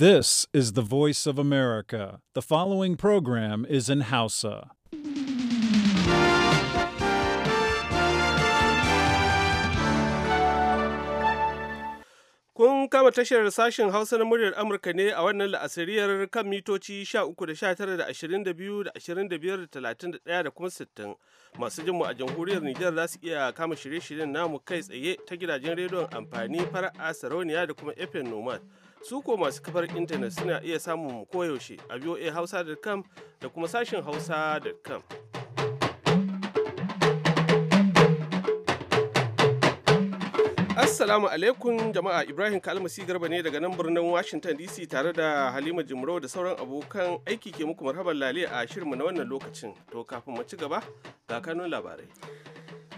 This is the voice of America. The following program is in Hausa. Kun kama tashar sashen Hausa na muryar Amurka ne a wannan la'asariyar kan mitoci 13 da 22 da 25 da da kuma 60. Masu jinmu a jamhuriyar Nijar za su iya kama shirye-shiryen namu kai tsaye ta gidajen rediyon amfani fara'a sarauniya da kuma FM Nomad. su ko masu kafar intanet suna iya samun koyaushe a voa hausa.com da kuma sashin hausa.com Assalamu alaikum jama'a Ibrahim Kalmasi Garba ne daga nan birnin Washington DC tare da Halima Jimro da sauran abokan aiki ke muku marhaban lale a shirinmu na wannan lokacin. To kafin mu ci gaba ga kanun labarai.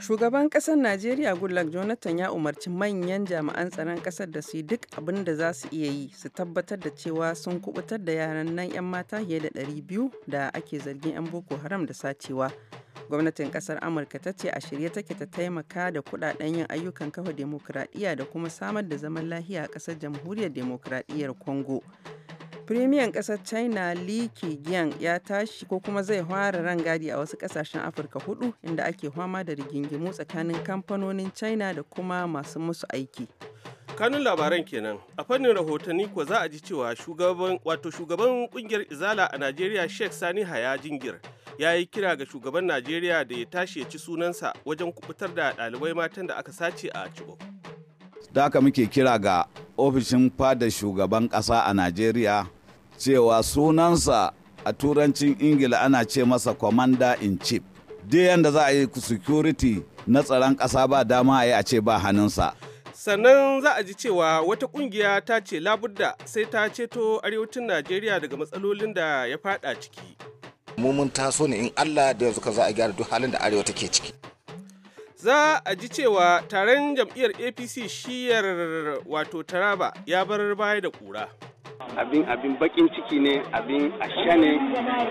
Shugaban ƙasar Najeriya Goodluck Jonathan ya umarci manyan jami'an tsaron ƙasar da su yi duk abin da za su iya yi su tabbatar da cewa sun kubutar da yaran nan 'yan mata fiye da 200 da ake zargin 'yan Boko Haram da sacewa. Gwamnatin ƙasar Amurka ta ce a shirye take ta taimaka da kuɗaɗen yin ayyukan kafa demokuraɗiyya da kuma samar da zaman lahiya a ƙasar jamhuriyar demokuraɗiyyar Congo. Premier ƙasar China Li Keqiang ya tashi ko kuma zai fara rangadi a wasu ƙasashen Afirka hudu inda ake fama da rigingimu tsakanin kamfanonin China da kuma masu musu aiki. kanun labaran kenan a fannin rahotanni kuwa za a ji cewa shugaban wato shugaban kungiyar izala a najeriya sheikh sani haya jingir ya yi kira ga shugaban najeriya da ya tashi ya ci sunansa wajen kubutar da ɗalibai matan da aka sace a Chibok. da aka muke kira ga ofishin fada shugaban kasa a najeriya cewa sunansa a turancin ingila ana ce masa commander in chief Dai yadda za a yi security na tsaron kasa ba dama a yi a ce ba hannunsa sannan za a ji cewa wata kungiya ta ce labudda sai ta ceto arewacin najeriya daga matsalolin da ya fada ciki mummun taso ne in allah da yanzu ka za a gyara duk halin da arewa take ciki za a ji cewa taron jam'iyyar apc shiyar wato taraba ya bar baya da kura abin abin bakin ciki ne abin asha ne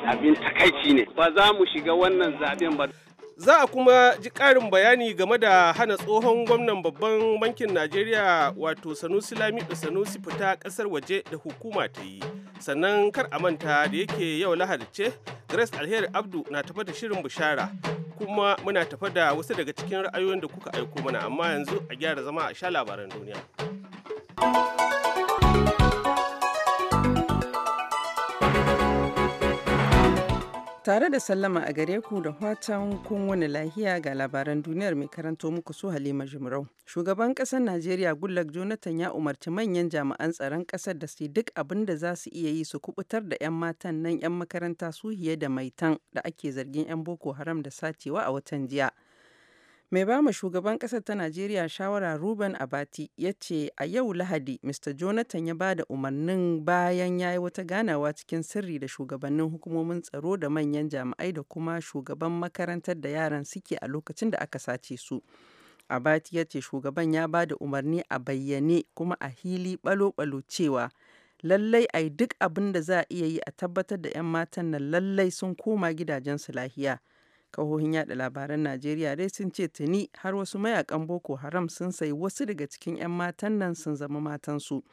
abin takaici ne ba za mu shiga wannan zaben ba za a kuma ji ƙarin bayani game da hana tsohon gwamnan babban bankin najeriya wato sanusi lamido sanusi fita ƙasar waje da hukuma ta yi sannan kar a manta da yake yau lahadi ce grace alheri abdu na tafa da shirin bishara kuma muna tafa da wasu daga cikin ra'ayoyin da kuka aiko mana amma yanzu a gyara zama a sha labaran duniya Tare da sallama a gare ku da fatan kun wani lahiya ga labaran duniyar mai karanto muku su Halima jimrau Shugaban ƙasar Najeriya gulag Jonathan ya umarci manyan jami'an tsaron ƙasar da su duk abin da za su iya yi su kubutar da 'yan matan nan 'yan makaranta su hiye da maitan da ake zargin 'yan Boko Haram da sacewa a watan jiya. Mai ba mu shugaban kasar ta Najeriya shawara Ruben Abati ya ce a yau Lahadi Mr. Jonathan ya bada umarnin bayan ya yi wata ganawa cikin sirri da shugabannin hukumomin tsaro da manyan jami'ai da kuma shugaban makarantar da yaran suke a lokacin da aka sace su. Abati ya ce shugaban ya bada umarni a bayyane kuma a hili balo-balo cewa lallai a duk abin da za a iya yi a tabbatar da 'yan matan nan lallai sun koma gidajensu lahiya. Kahohin yada labaran Najeriya dai sun ce tuni har wasu mayakan Boko Haram sun sayi wasu daga cikin 'yan matan nan sun zama matansu.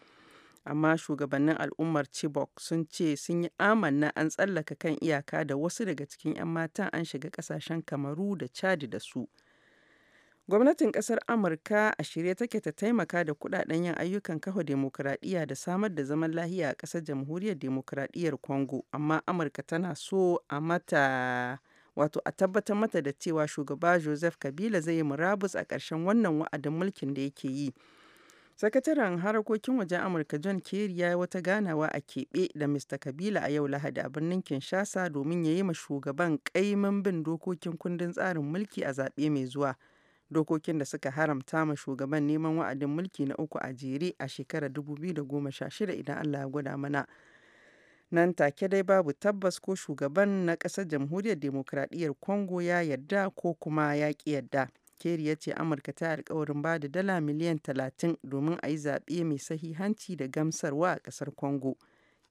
Amma shugabannin al'ummar Chibok sun ce sun yi amanna an tsallaka kan iyaka da wasu daga cikin 'yan matan an shiga kasashen Kamaru da Chad da su. Gwamnatin kasar Amurka a shirye take ta taimaka da kudaden yin ayyukan kafa demokuraɗiyya da samar da zaman lahiya a ƙasar jamhuriyar demokuraɗiyyar Congo, amma Amurka tana so a mata wato a tabbatar mata da cewa shugaba Joseph Kabila zai yi murabus a ƙarshen wannan wa'adin mulkin da yake yi. Sakataren harkokin wajen Amurka John Kerry ya yi wata ganawa a keɓe da Mr. Kabila a yau Lahadi a birnin Kinshasa domin ya yi ma shugaban ƙaimin bin dokokin kundin tsarin mulki a zaɓe mai zuwa. Dokokin da suka haramta ma shugaban neman wa'adin mulki na uku a jere a shekarar 2016 idan Allah ya gwada mana. Nan take dai babu tabbas ko shugaban na ƙasar jamhuriyar demokradiyyar Congo ya yarda ko kuma ya ƙi yarda. keri ya ce Amurka ta alkawarin ba da dala miliyan 30 domin a yi zaɓe mai sahihanci da gamsarwa a ƙasar Congo.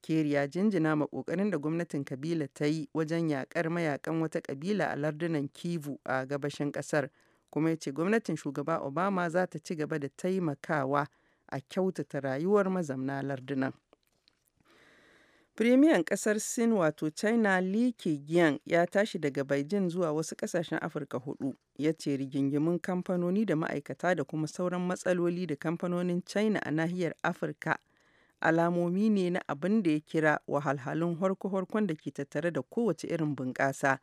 keri ya jinjina ma ƙoƙarin da gwamnatin kabila ta yi wajen yaƙar mayakan wata kabila a lardunan Kivu a gabashin ƙasar. Kuma ya ce gwamnatin shugaba Obama za ta ci gaba da taimakawa a kyautata rayuwar mazamna lardunan. Firimiyan kasar Sin wato China Li Keqiang ya tashi daga Beijing zuwa wasu kasashen Afirka hudu, ya ce rigingimun kamfanoni da ma'aikata da kuma sauran matsaloli da kamfanonin China a nahiyar Afirka alamomi ne na abin da ya kira wahalhalun harko-harkon da ke tattare da kowace irin bunƙasa.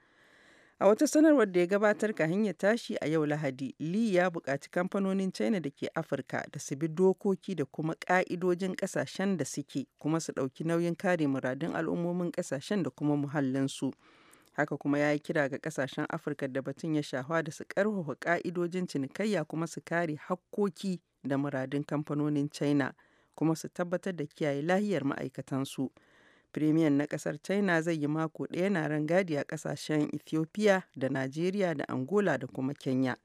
A wata sanarwar da ya gabatar ka hanyar tashi a yau Lahadi, li ya buƙaci kamfanonin China da ke Afirka da su bi dokoki da kuma ƙa'idojin ƙasashen da suke, kuma su ɗauki nauyin kare muradun al'ummomin ƙasashen da kuma muhallinsu. Haka kuma ya yi kira ga ƙasashen Afirka da batun ya shafa da su ƙarfafa ƙa'idojin cinikayya kuma su kare hakkoki da muradun kamfanonin China, kuma su tabbatar da kiyaye lahiyar ma'aikatansu. Firimiyan na ƙasar China zai yi mako ɗaya na rangadi a ƙasashen Ethiopia da Najeriya da Angola da kuma Kenya.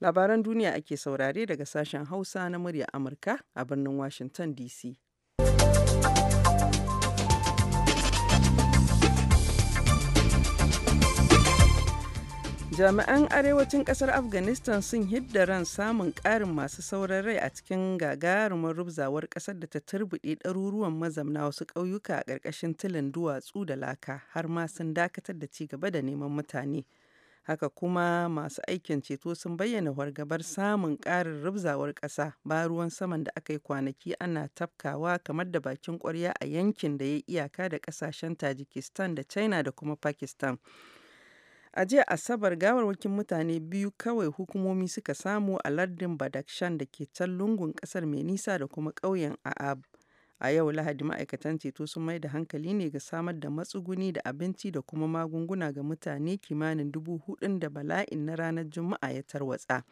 Labaran duniya ake saurare daga sashen Hausa na murya Amurka a birnin Washington DC. jami'an arewacin kasar afghanistan sun hidda ran samun karin masu sauran rai a cikin gagarumar rubzawar kasar da ta turbide ɗaruruwan mazamna wasu ƙauyuka a ƙarƙashin tilin duwatsu da laka har ma sun dakatar da ci gaba da neman mutane haka kuma masu aikin ceto sun bayyana wargabar samun ƙarin rubzawar ƙasa ba ruwan saman da aka yi kwanaki ana tafkawa kamar da bakin ƙwarya a yankin da ya iyaka da ƙasashen tajikistan da china da kuma pakistan A jiya Asabar gawarwakin mutane biyu kawai hukumomi suka samu a lardin badakshan da ke can lungun kasar mai nisa da kuma ƙauyen A'ab. A yau Lahadi ma'aikatan ceto sun mai da hankali ne ga samar da matsuguni da abinci da kuma magunguna ga mutane kimanin dubu hudun da bala'in na ranar Juma'a ya tarwatsa.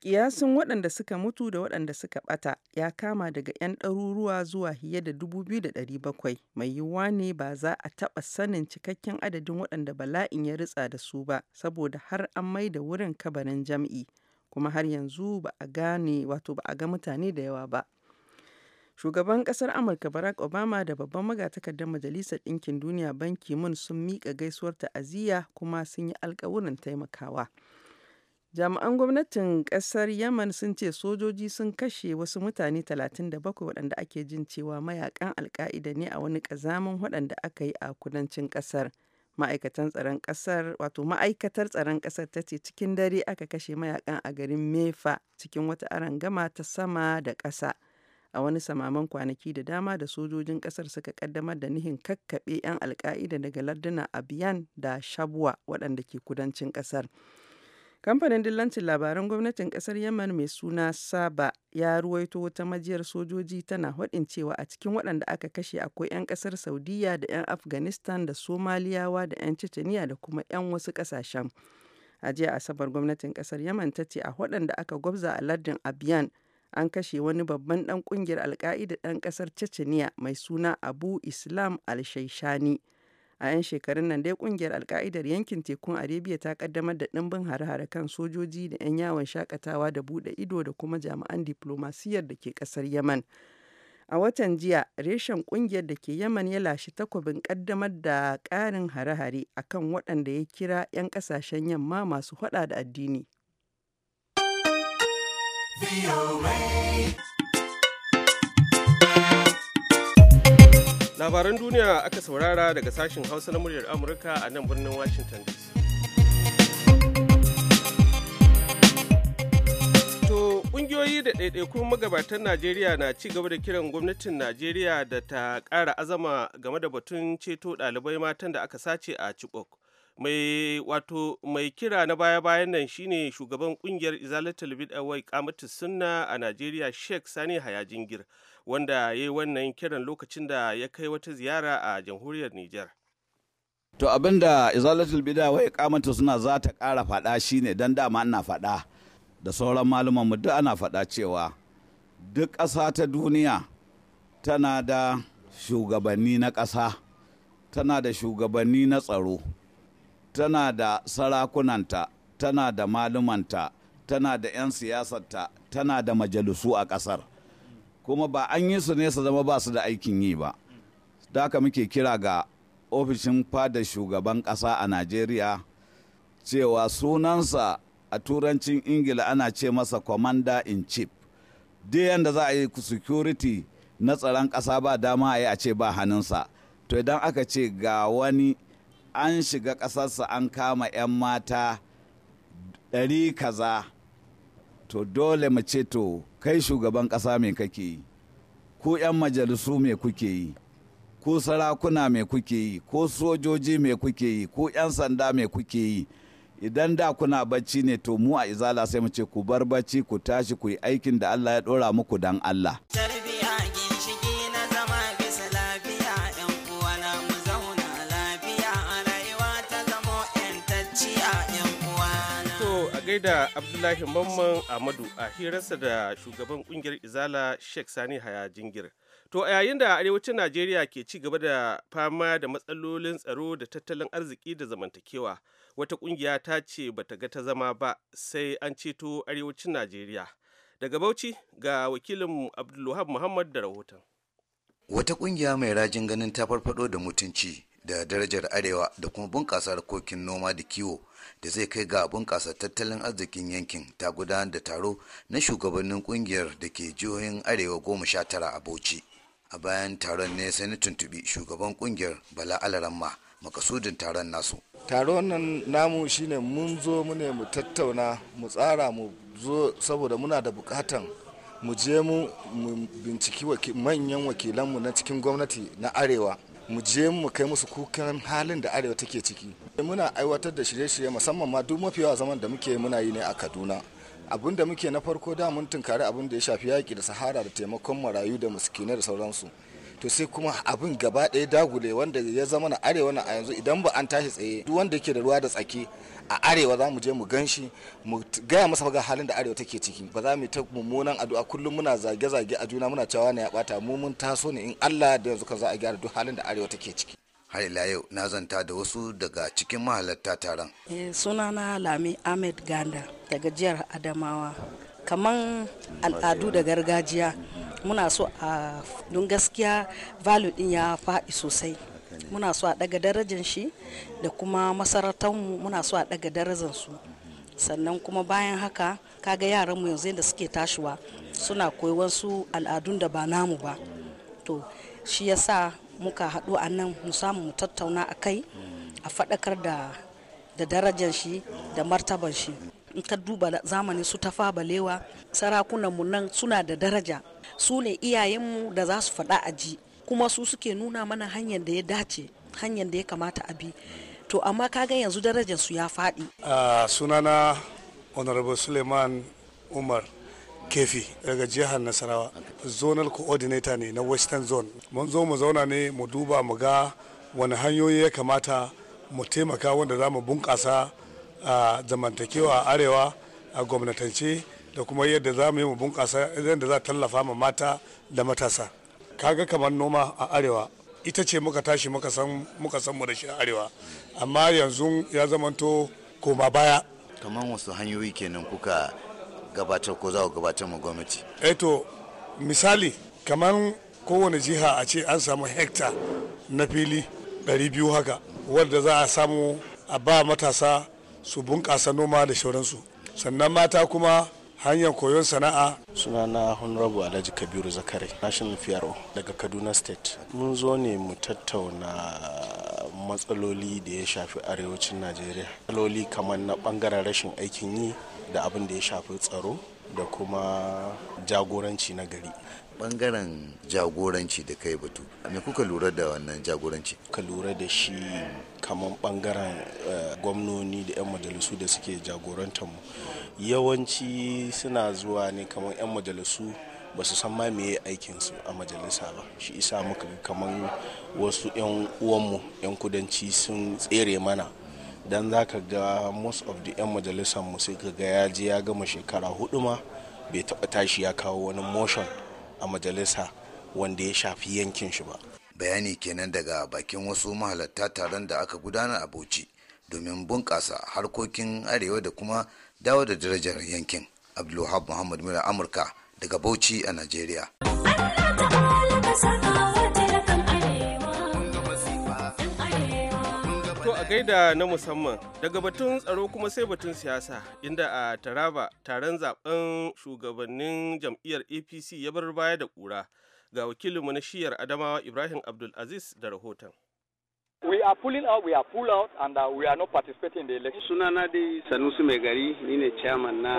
Kiyasin waɗanda suka mutu da waɗanda suka ɓata ya kama daga 'yan ɗaruruwa zuwa fiye da 2,700, mai yiwuwa ne ba za a taɓa sanin cikakken adadin waɗanda bala'in ya ritsa da su ba saboda har an mai da wurin kabarin jam'i, kuma har yanzu ba a gane wato ba a ga mutane da yawa ba. Shugaban ƙasar Amurka Barack Obama da babban magatakardar Majalisar Ɗinkin Duniya Ban ki sun miƙa gaisuwar ta'aziyya kuma sun yi alkawurin taimakawa. Jami'an gwamnatin kasar yaman sun ce sojoji sun kashe wasu mutane 37 waɗanda ake jin cewa mayakan alka'ida ne a wani ƙazamin waɗanda aka yi a kudancin kasar Ma'aikatan tsaron kasar, wato ma'aikatar tsaron kasar ta ce cikin dare aka kashe mayakan a garin Mefa cikin wata arangama ta sama da ƙasa. A wani samaman kwanaki da dama da sojojin kasar suka kaddamar da nihin kakkaɓe 'yan alka'ida daga larduna Abiyan da Shabwa waɗanda ke kudancin kasar. Kamfanin dillancin labaran gwamnatin kasar Yemen mai suna Saba ya ruwaito wata majiyar sojoji tana hwadin cewa a cikin waɗanda aka kashe akwai 'yan kasar Saudiya da 'yan Afghanistan da Somaliyawa da 'yan Chechnya da kuma 'yan wasu ƙasashen. A jiya Asabar gwamnatin kasar Yemen ta ce a waɗanda aka gwabza a lardin abiyan an kashe wani babban ɗan ƙungiyar alka'ida ɗan ƙasar Chechnya mai suna Abu Islam al-Shaishani. A 'yan shekarun nan dai kungiyar alka'idar yankin tekun Arabia ta kaddamar da ɗimbin hare-hare kan sojoji da 'yan yawon shakatawa da buɗe ido da kuma jami'an diplomasiyyar da ke ƙasar Yaman. A watan jiya, reshen kungiyar da ke Yaman ya lashe takwabin kaddamar da ƙarin hare-hare akan waɗanda ya kira 'yan ƙasashen yamma masu haɗa da addini. labaran duniya aka saurara daga sashen hausa na muryar amurka a nan birnin washington dc to kungiyoyi da ɗaiɗaikun magabatan najeriya na ci gaba da kiran gwamnatin najeriya da ta ƙara azama game da batun ceto ɗalibai matan da aka sace a chibok mai wato mai kira na baya-bayan nan shine shugaban kungiyar izalatul bidawai kamatu sunna a najeriya sheikh sani hayajingir wanda ya yi wannan kiran lokacin da ya kai wata ziyara a jamhuriyar Nijar. To abin da izalatul bida wai kamata suna za ta ƙara faɗa ne don dama ana faɗa da sauran mu duk ana faɗa cewa duk ƙasa ta duniya tana da shugabanni na ƙasa tana da shugabanni na tsaro tana da sarakunanta tana da malumanta tana da 'yan siyasarta tana da majalisu a ƙasar. kuma ba an yi su ne su zama ba su da aikin yi ba da haka muke kira ga ofishin fada shugaban ƙasa a najeriya cewa sunansa a turancin ingila ana ce masa commander in chief duk yadda za a yi security na tsaron ƙasa ba dama a yi a ce ba hannunsa to idan aka ce ga wani an shiga ƙasarsa an kama 'yan mata ɗari kaza to dole mu ce to kai shugaban ƙasa me kake yi Ko 'yan majalisu me kuke yi Ko sarakuna me kuke yi ko sojoji mai kuke yi ko 'yan sanda mai kuke yi idan da kuna bacci ne to mu a izala sai mu ce ku bar bacci ku tashi ku yi aikin da Allah ya ɗora muku dan Allah. da Abdullahi Mamman Amadu a hirarsa da shugaban kungiyar Izala Sheikh Sani Haya Jingir. To a yayin da arewacin Najeriya ke ci gaba da fama da matsalolin tsaro da tattalin arziki da zamantakewa, wata kungiya ta ce bata ga ta zama ba sai an ceto arewacin Najeriya. Daga Bauchi ga wakilin Abdulwahab Muhammad da rahoton. Wata kungiya mai rajin ganin ta farfado da mutunci da darajar arewa da kuma bunƙasa harkokin noma da kiwo da zai kai ga bunƙasa tattalin arzikin yankin ta gudanar da taro na shugabannin ƙungiyar da ke jihohin arewa goma sha tara a bauchi a bayan taron ne sai na tuntuɓi shugaban ƙungiyar bala alaramma makasudin taron nasu taron nan namu shine mun zo mu mu tattauna mu tsara mu zo saboda muna da bukatan mu je mu binciki manyan wakilanmu na cikin gwamnati na arewa mu je mu kai musu kukan halin da arewa take ciki muna aiwatar da shirye-shirye musamman ma duk mafi yawa zaman da muke muna yi ne a kaduna abin da muke na farko da mun tunkari abin da ya shafi yaƙi da sahara da taimakon marayu da miskinai da sauransu to sai kuma abin gaba ɗaya dagule wanda ya zama na arewa na a yanzu idan ba an tashi tsaye duk wanda yake da ruwa da tsaki a arewa za mu je mu gan shi mu gaya masa ga halin da arewa take ciki ba za mu ta mummunan addu'a kullum muna zage-zage a juna muna cewa na ya bata mu mun taso ne in Allah da yanzu kan za a gyara duk halin da arewa take ciki har ila yau na zanta da wasu daga cikin mahalarta taron eh, sunana lami ahmed ganda daga jihar adamawa kaman al'adu da gargajiya muna so a don gaskiya value din ya faɗi sosai muna so a daga darajar shi da kuma masarautarmu muna so a daga darajar su sannan kuma bayan haka kaga mu yanzu da suke tashiwa suna koyi wasu al'adun da ba namu ba to shi yasa muka haɗu a nan mu samu mu tattauna a kai a faɗakar da darajar shi da martaban shi in ka duba zamani su ta tafa balewa mu nan suna da daraja su ne iyayenmu da za su faɗa a ji kuma su suke nuna mana hanyar da ya dace hanyar da ya kamata a bi to amma kaga yanzu darajar su ya faɗi sunana honorable suleiman umar kefi daga jihar nasarawa zonal coordinator ne na western zone mun zo mu zauna ne mu duba mu ga wani hanyoyi ya kamata mu taimaka wanda za mu bunƙasa a zamantakewa a arewa a gwamnatance da kuma yadda za mu yi mu bunƙasa yadda za tallafa ma mata da matasa kaga kamar noma a arewa ita ce muka tashi muka san mu da shi a arewa amma yanzu ya zamanto koma baya kamar wasu hanyoyi kenan kuka gabatar ko za ku gabatar mu gwamnati eto eh misali kamar kowane jiha a ce an samu hekta na fili 200 haka wanda za a samu a ba matasa su bunƙasa noma da shauransu sannan mata kuma hanyar koyon sana'a sunana honorable alhaji kabiru zakari national fiyaro daga kaduna state mun zo ne mu tattauna matsaloli da ya shafi arewacin najeriya matsaloli kamar na bangaren rashin aikin yi da abin da ya shafi tsaro da kuma jagoranci na gari bangaren jagoranci da kai batu me kuka lura da wannan jagoranci ka lura da shi kamar bangaren eh, gwamnoni da 'yan majalisu da suke jagorantar mu yawanci suna zuwa ne kamar 'yan majalisu ba su san ma yi aikinsu a majalisa ba shi isa muka kamar wasu 'yan uwanmu 'yan kudanci sun tsere mana dan za ka ga most of the 'yan majalisar mu sai ka ga ya je ya gama shekara hudu ma bai taba tashi ya kawo wani motion a majalisa wanda ya shafi yankin shi ba bayani kenan daga bakin wasu mahalarta taron da aka gudana a bauchi domin bunƙasa harkokin arewa da kuma dawo da darajar yankin abdulwahab muhammad mura amurka daga bauchi a najeriya gaida na musamman daga batun tsaro kuma sai batun siyasa inda a taraba taron zaben shugabannin jam'iyyar apc ya bar baya da kura ga wakilinmu na shiyar adamawa ibrahim abdulaziz da rahoton We are pulling out, we are pull out, and uh, we are not participating in the election. Sunana de Sanusi Mai Gari, ni ne chairman na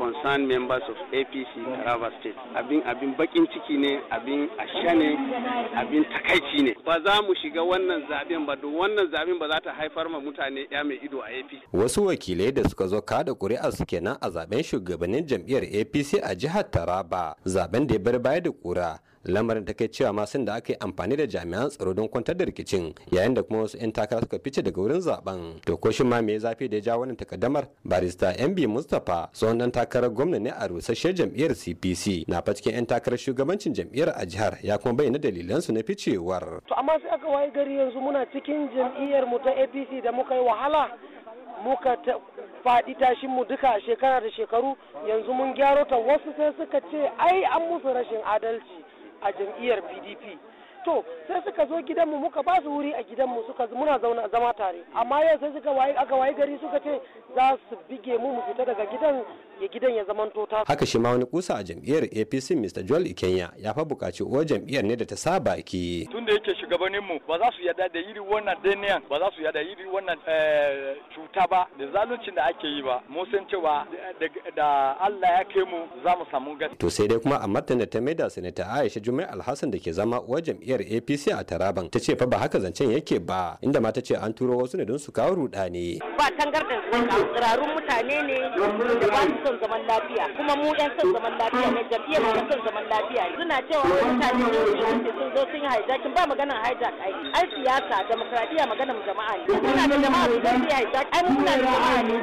concerned members of APC Taraba State. Abin abin bakin ciki ne, abin asha ne, abin takaici ne. Ba za mu shiga wannan zaben ba, don wannan zaben ba za ta haifar ma mutane ya ido a APC. Wasu wakilai da suka zo kada ƙuri'ar su kenan a zaben shugabannin jam'iyyar APC a jihar Taraba, zaben da ya baya da ƙura. lamarin ta kai cewa ma sun da aka yi amfani da jami'an tsaro don kwantar da rikicin yayin da kuma wasu 'yan takara suka fice daga wurin zaben to ko shi ma me zafi da ya ja wannan takaddamar barista mb mustapha tsohon dan takarar gwamna ne a rusashe jam'iyyar cpc na fa cikin 'yan takarar shugabancin jam'iyyar a jihar ya kuma bayyana su na ficewar to amma sai aka waye gari yanzu muna cikin jam'iyyar mu ta apc da muka yi wahala muka faɗi tashin mu duka shekara da shekaru yanzu mun gyaro ta wasu sai suka ce ai an musu rashin adalci a jam'iyyar pdp to sai suka zo gidanmu muka ba su wuri a gidanmu suka muna zauna zama tare amma yau sai suka waye aka waye gari suka ce za su bige mu mu fita daga gidan ya gidan ya zaman tota haka shi ma wani kusa a jam'iyyar APC Mr Joel Ikenya ya fa bukaci uwar jam'iyyar ne da ta saba ki tunda yake shugabanin mu ba za su yada da iri wannan daniyan ba za su yada iri wannan eh, cuta ba da zaluncin da ake yi ba mu san cewa da Allah ya kai mu za mu samu gaskiya to sai dai kuma a martanin ta maida sanata Aisha Jumai Alhassan da ke zama uwar jam'iyyar jam'iyyar apc a taraban ta ce fa ba haka zancen yake ba inda ma ta ce an turo wasu ne don su kawo rudani ba tangardan tsirarun mutane ne da ba su son zaman lafiya kuma mu yan son zaman lafiya ne jam'iyyar mu son zaman lafiya suna cewa mutane ne sun zo sun yi hijacking ba maganar hijack ai ai siyasa demokradiya maganar jama'a ne suna da jama'a su sun yi hijack ai muna da jama'a ne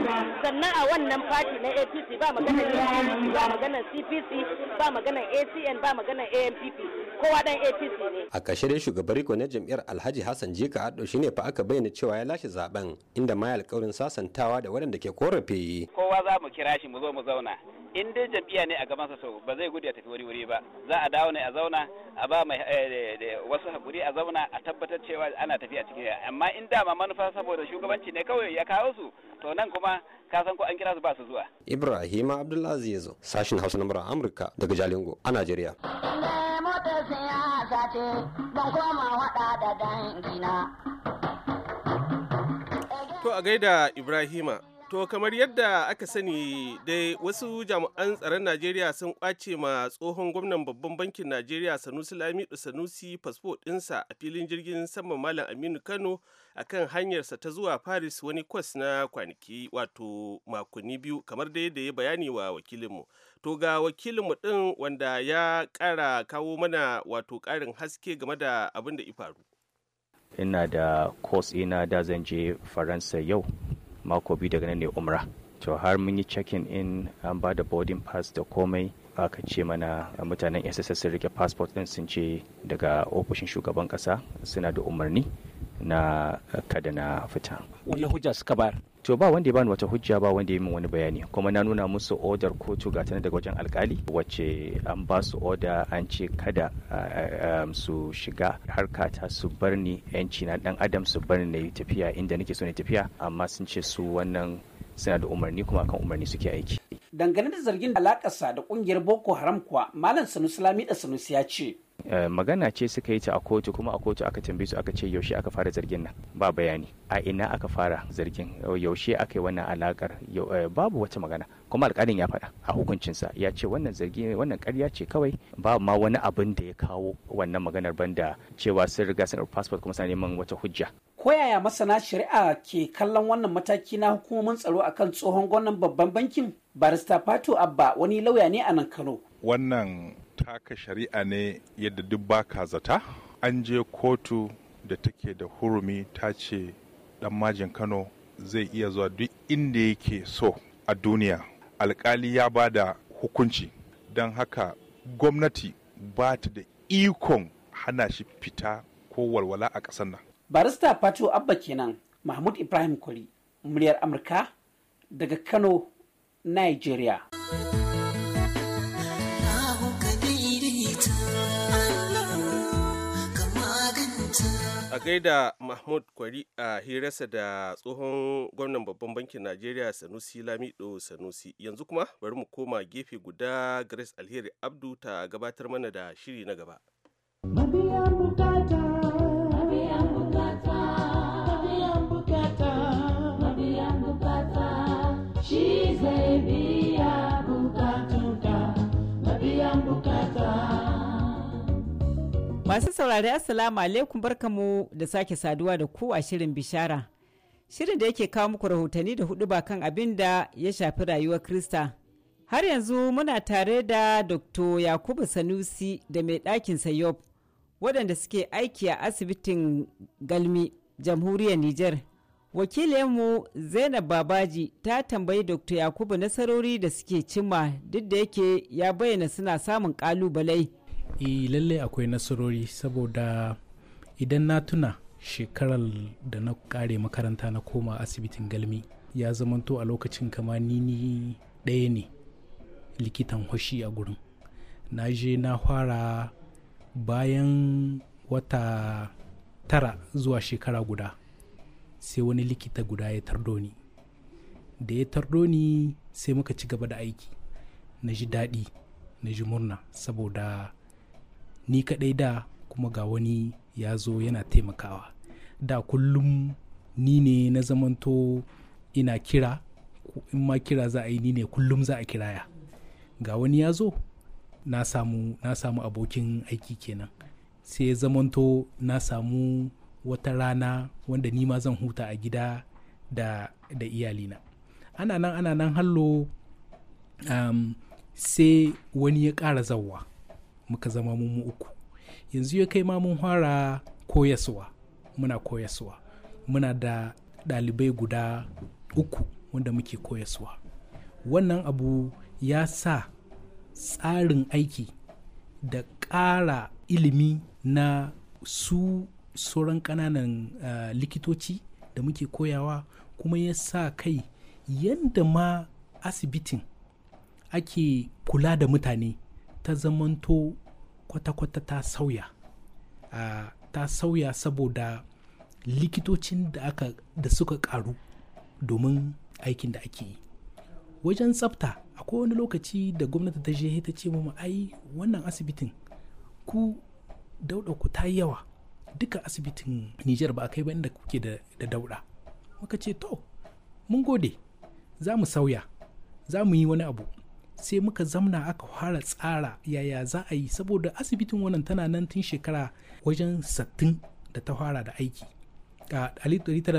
sannan a wannan party na apc ba maganar apc ba maganar cpc ba maganar acn ba maganar ampp kowa dan apc ne a kashe dai shugaban riko na jam'iyyar alhaji hassan jika addo ne fa aka bayyana cewa ya lashe zaben inda ma alƙawarin sasantawa da waɗanda ke korafe kowa za mu kira shi mu zo mu zauna in dai jam'iyya ne a gabansa so ba zai gudu ya tafi wuri wuri ba za a dawo ne a zauna a ba mai eh, wasu hakuri a zauna a tabbatar cewa ana tafi a cikin amma in da ma manufa saboda shugabanci ne kawai ya kawo su to nan kuma ka san ko an kira su ba su zuwa Ibrahim Abdulaziz sashin Hausa na Amurka daga Jalingo a Najeriya To a gaida Ibrahima To kamar yadda aka sani dai wasu jami'an tsaron Najeriya sun kwace ma tsohon gwamnan babban bankin Najeriya Sanusi Lamidu Sanusi fasfo ɗinsa a filin jirgin sama Malam Aminu Kano a kan hanyarsa ta zuwa Paris wani kwas na kwanaki wato makonni biyu kamar dai da ya bayani wa wakilinmu. To ga wakilinmu ɗin wanda ya ƙara kawo mana wato ƙarin haske game da abin da faru. Ina da kwas ina da zan je Faransa yau mako biyu daga nan ne umra to har mun yi check-in in an ba da boarding pass da komai aka ce mana mutanen sss sun rike passport din sun ce daga ofishin shugaban kasa suna da umarni na kada na fita Wani hujja suka bayar to ba wanda ya bani wata hujja ba wanda ya min wani bayani kuma na nuna musu odar kotu ga tana daga wajen alkali wacce an ba su oda an ce kada su shiga harka ta su bar ni yanci na dan adam su bar ni na yi tafiya inda nake so na tafiya amma sun ce su wannan suna da umarni kuma akan umarni suke aiki dangane da zargin da alakarsa da kungiyar boko haram kuwa malam sanusi lamida sanusi ya ce Eh, magana ce suka yi ta a kotu kuma a kotu aka tambaye su aka ce yaushe aka fara zargin nan ba bayani a ina aka fara zargin yaushe aka yi wannan alakar eh, babu wata magana kuma alkalin ya faɗa a hukuncinsa ya ce wannan zargin wannan karya ce kawai ba ma wani abin da ya kawo wannan maganar banda cewa sun riga sun passport kuma suna neman wata hujja koyaya masana shari'a ke kallon wannan mataki na hukumomin tsaro akan tsohon gwamnan babban bankin barista fato abba wani lauya ne a nan kano wannan taka shari'a ne yadda duk ba ka zata an je kotu da take da hurumi ta ce dan majin kano zai iya zuwa duk inda yake so a duniya alkali ya ba da hukunci don haka gwamnati ba ta da ikon hana shi fita ko walwala a ƙasar nan barista fatu abba kenan mahmud ibrahim kwari muryar amurka daga kano nigeria a gaida mahmud kwari a hirarsa da tsohon gwamnan babban bankin najeriya sanusi lamido sanusi yanzu kuma bari mu koma gefe guda grace alheri abdu ta gabatar mana da shiri na gaba Masu saurari Assalamu alaikum barkamu da sake saduwa da ku a shirin bishara. Shirin da yake kawo muku rahotanni da hudu ba kan abin da ya shafi rayuwar Krista. Har yanzu muna tare da Dr. Yakubu Sanusi da mai ɗakin Sayob waɗanda suke aiki a asibitin Galmi, jamhuriyar Nijar. Wakilinmu Zainab Babaji ta tambayi Dr. Yakubu nasarori da suke cimma duk da yake ya bayyana suna samun ƙalubalai. e lalle akwai nasarori saboda idan na tuna shekarar da na kare makaranta na koma asibitin galmi ya zamanto a lokacin kama nini ɗaya ne likitan hoshi a gurin na je na fara bayan wata tara zuwa shekara guda sai wani likita guda ya tardo ni da ya tardo ni sai muka ci gaba da aiki na ji daɗi na ji murna saboda ni kaɗai da kuma ga wani ya zo yana taimakawa da kullum ni ne na zamanto ina kira in ma kira za a yi ni ne kullum za a kiraya ga wani ya zo na samu abokin aiki kenan sai zamanto na samu wata rana wanda ni ma zan huta a gida da, da iyalina ana nan ana nan hallo um, sai wani ya ƙara zawa muka zama mu uku yanzu ya kai ma mun fara koyaswa muna koyaswa muna da ɗalibai guda uku wanda muke koyaswa wannan abu ya sa tsarin aiki da ƙara ilimi na su sauran ƙananan uh, likitoci da muke koyawa kuma ya sa kai yadda ma asibitin ake kula da mutane ta zamanto kwata-kwata ta sauya ta sauya saboda likitocin da aka da suka karu domin aikin da ake yi wajen tsafta akwai wani lokaci da gwamnati ta je ta ce mu ai wannan asibitin ku dauda ku ta yawa duka asibitin Nijar ba a kai ba inda kuke da, da dauda muka ce to mun gode za mu sauya za mu yi wani abu sai muka zamna aka fara tsara yaya za a yi saboda asibitin wannan tana nan tun shekara wajen sattin da ta fara da aiki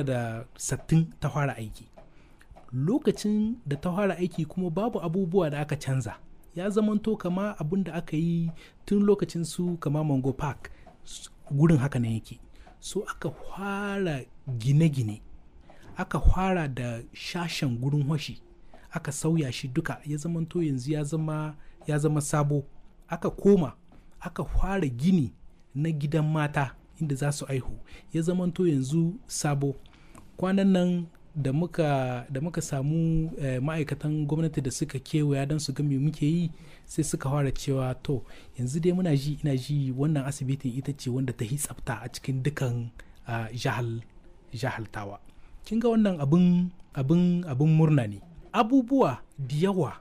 a da sattin ta fara aiki lokacin da ta fara aiki kuma babu abubuwa da aka canza ya zamanto kama abin da aka yi tun lokacin su kama mango park gurin haka nan yake so aka fara gine-gine aka fara da shashen gurin washi aka sauya shi duka ya zama to yanzu ya zama sabo aka koma aka fara gini na gidan mata inda za su aihu ya zama to yanzu sabo kwanan nan da muka samu eh, ma'aikatan gwamnati da suka kewaya don su ga muke yi sai suka fara cewa to yanzu dai muna ji ina ji wannan asibitin ita ce wanda ta yi tsafta a cikin dukan uh, jahal jahaltawa kin ga wannan abin murna ne abubuwa da yawa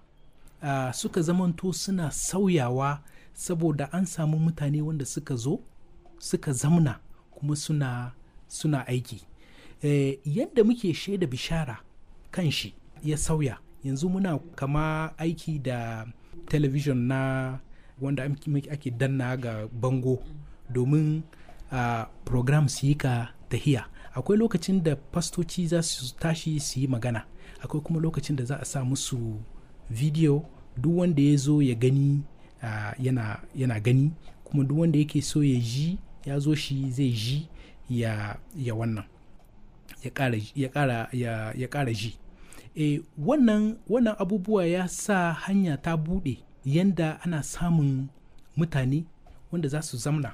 suka zamanto suna sauyawa saboda an samu mutane wanda suka zo suka zamna kuma suna, suna aiki e, yadda muke shaida bishara kan shi ya sauya yanzu muna kama aiki da television na wanda ake danna ga bango domin program su yi ka tahiya akwai lokacin da fastoci za su tashi su yi magana akwai kuma lokacin da za a sa musu video duk wanda ya zo ya gani yana, gani kuma duk wanda yake so ya ji ya zo shi zai ji ya, ya wannan ya ƙara ji eh, wannan abubuwa ya sa hanya ta bude yanda ana samun mutane wanda za su zamna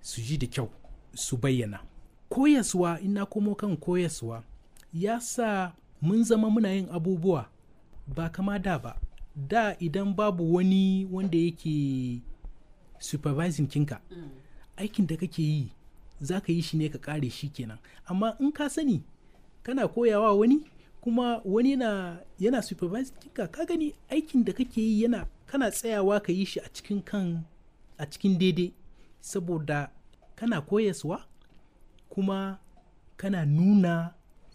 su ji da kyau su bayyana koyaswa ina komo kan koyaswa ya sa mun zama muna yin abubuwa ba kama da ba da idan babu wani wanda yake supervising kinka mm. aikin da kake yi za ka yi shi ne ka kare shi kenan amma in ka sani kana koyawa wani kuma wani yana, yana supervising kinka ka gani aikin da kake yi yana kana tsayawa ka yi shi a cikin kan a cikin daidai saboda kana koyaswa kuma kana nuna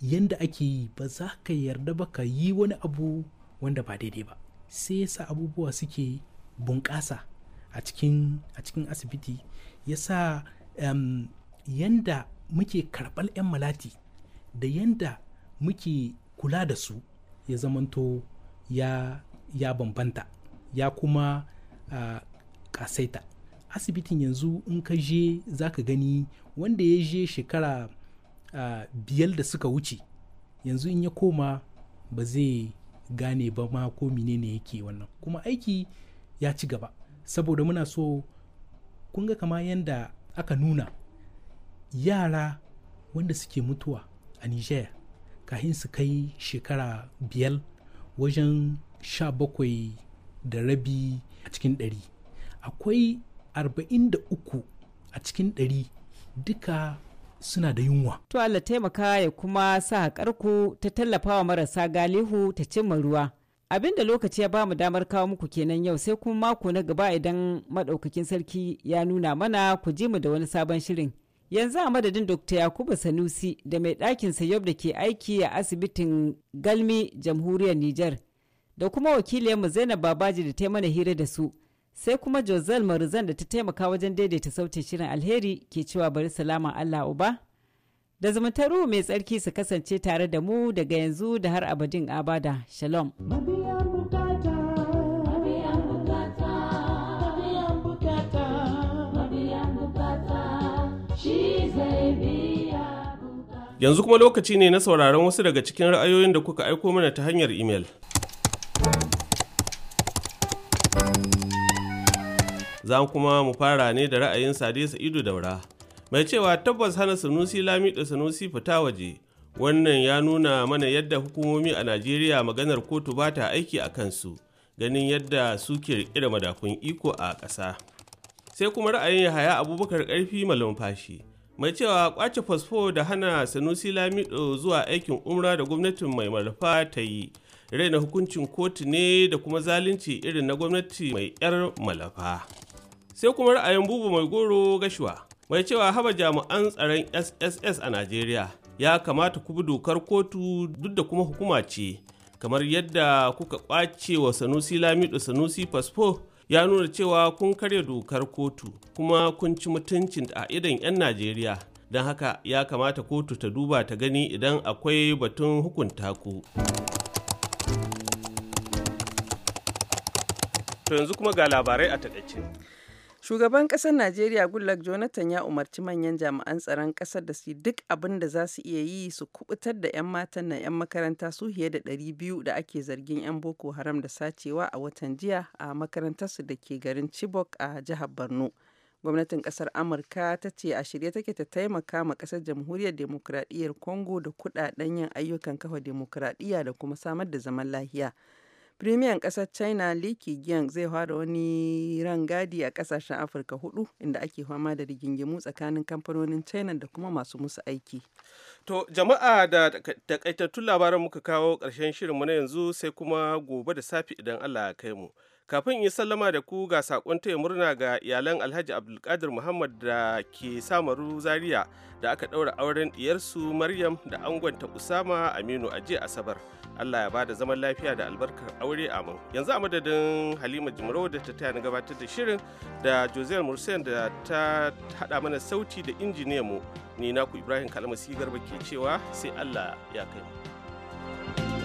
yanda ake yi ba za ka yarda ba ka yi wani abu wanda ba daidai ba sai yasa abubuwa suke bunƙasa a cikin asibiti yasa um, yanda muke karɓar 'yan malati da yanda muke kula da su ya zamanto ya, ya bambanta ya kuma uh, kasaita asibitin yanzu in ka je za ka gani wanda ya je shekara biyar da suka wuce yanzu in ya koma ba zai gane ba ma ko menene yake wannan kuma aiki ya ci gaba saboda muna so kunga kama yadda aka nuna yara wanda suke mutuwa a niger kahin su kai shekara biyar wajen sha bakwai da rabi a cikin ɗari akwai arba'in da uku a cikin ɗari duka suna da yunwa. To Allah taimaka ya kuma sa ku ta tallafawa marasa galihu ta cimma ruwa. abinda lokaci ya bamu damar kawo muku kenan yau sai kuma mako na gaba idan maɗaukakin sarki ya nuna mana ku ji mu da wani sabon shirin. Yanzu a madadin Dr. Yakubu Sanusi da mai ɗakin Sayob da ke aiki a asibitin Galmi, Jamhuriyar Nijar, da kuma wakiliyarmu Zainab Babaji da ta mana hira da su. sai kuma Josel Marizan da ta taimaka wajen daidaita sautin shirin alheri ke cewa bari salama Allah uba. Da zumuntar ruhu mai tsarki su kasance tare da mu daga yanzu da har abadin abada. Shalom. Yanzu kuma lokaci ne na sauraron wasu daga cikin ra'ayoyin da kuka aiko mana ta hanyar imel. za kuma mu fara ne da ra'ayin sade sa'idu daura mai cewa tabbas hana sanusi da sanusi fita waje wannan ya nuna mana yadda hukumomi a najeriya maganar kotu ba ta aiki a kansu ganin yadda su rikira madafun iko a ƙasa sai kuma ra'ayin yahaya abubakar ƙarfi malumfashi mai cewa kwace fasfo da hana sanusi lami zuwa aikin umra da gwamnatin mai malafa ta yi Rai na hukuncin kotu ne da kuma zalunci irin na gwamnati mai 'yar malafa. sai kuma ra'ayin bubu mai goro gashuwa mai cewa haba jami'an tsaron sss a najeriya ya kamata ku bi dokar kotu duk da kuma hukuma ce kamar yadda kuka kwace wa sanusi lamido sanusi fasfo ya nuna cewa kun karya dokar kotu kuma kun ci mutuncin a idan 'yan najeriya don haka ya kamata kotu ta duba ta gani idan akwai batun hukunta ku to yanzu kuma ga labarai a takaice Shugaban ƙasar Najeriya Goodluck Jonathan ya umarci manyan jami'an tsaron ƙasar da su duk abin da za su iya yi su kubutar da 'yan matan na 'yan makaranta su fiye da 200 da ake zargin 'yan Boko Haram da sacewa a watan jiya a makarantarsu da ke garin Chibok a jihar Borno. Gwamnatin ƙasar Amurka ta ce a shirye take ta taimaka ma ƙasar Jamhuriyar Demokuraɗiyyar Congo da kuɗaɗen yin ayyukan kafa demokuraɗiyya da kuma samar da zaman lahiya. Firimiyan ƙasar China Li Keqiang zai fara wani rangadi a ƙasashen Afirka hudu inda ake fama da rigingimu tsakanin kamfanonin China da kuma masu musu aiki. To jama'a da takaitattun labaran muka kawo ƙarshen shirinmu na yanzu sai kuma gobe da safe idan Allah ya kai mu. Kafin yi sallama da ku ga sakon taya murna ga iyalan Alhaji Abdulkadir Muhammad da ke samaru Zaria da aka ɗaura auren ɗiyarsu Maryam da angonta Usama Aminu a jiya Asabar. Allah ya bada zaman lafiya da albarkar aure amin. Yanzu a madadin Halima jimaro da ta taya na gabatar da shirin da josiah Mursen da ta haɗa mana sauti da injiniyan mu. Ni naku Ibrahim Kalamasi Garba ke cewa sai Allah ya kai